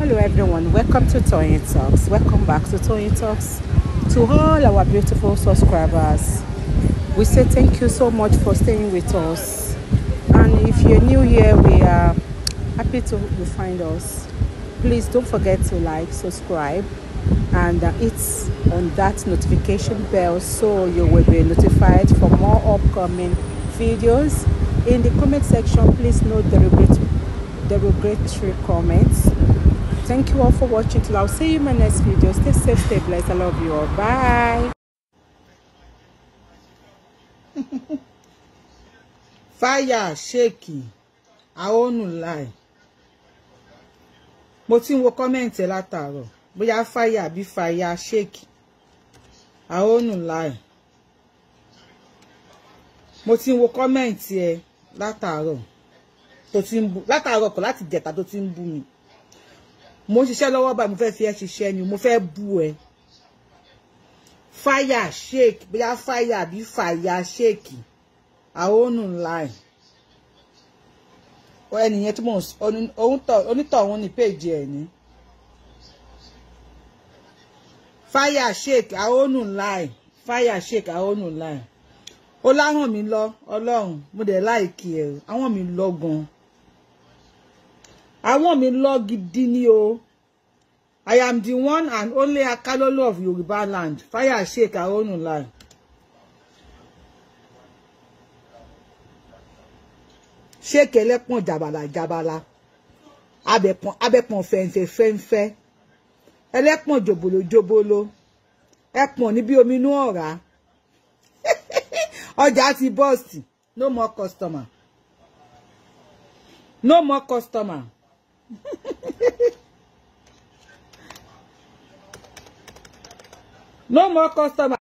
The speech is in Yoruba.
hello everyone welcome to Toyeen Talks welcome back to Toyeen Talks to all our beautiful subscribers we say thank you so much for staying with us and if you're new here we are happy to you find us please don't forget to like subscribe and uh, it's on that notification bell so you will be notified for more upcoming videos in the comment section please note the regretful comments thank you all for watching till i'll see you in my next video stay safe stay blessed i love you all bye fire shaky I won't lie. mo ti ń wo kọ́mẹ̀ǹtì látàárọ̀ bóyá fire àbí fire shaky àónù láì mo ti wo comment ẹ látàárọ̀ tó ti ń bú látàárọ̀ kò láti jẹ̀ta tó ti ń bú mi mo ń ṣiṣẹ́ lọ́wọ́ báyìí mo fẹ́ fi ẹ́ ṣiṣẹ́ ni mo fẹ́ bú ẹ fáyà ṣéèkì bóyá fáyà àbí fàyà ṣéèkì àhónú ńlá ẹ̀ ẹnìyẹn tí mò ń onítọ̀hún ní péjì ẹ̀ ní fáyà ṣéèkì àhónú ńlá ẹ̀ fáyà ṣéèkì àhónú ńlá ẹ̀ ó láhàn mi lọ ọlọ́run mo dẹ̀ láìkì ẹ̀ àwọn mi lọ gan àwọn mi lọ gidi ni o oh. I am the one and only Akalolo of Yorùbá land fire shake our own land. ṣéèkì Jabala. jàbàlà jàbàlà abẹ̀pọ̀n abẹ̀pọ̀n fẹ̀ǹfẹ̀ fẹ̀ǹfẹ̀ ẹlẹ́pọ̀n jòbòlò jòbòlò ẹpọ̀n níbi omi inú ọ̀rá ọjà ti bọ́ọ̀sì no more customer no more customer. no more customer.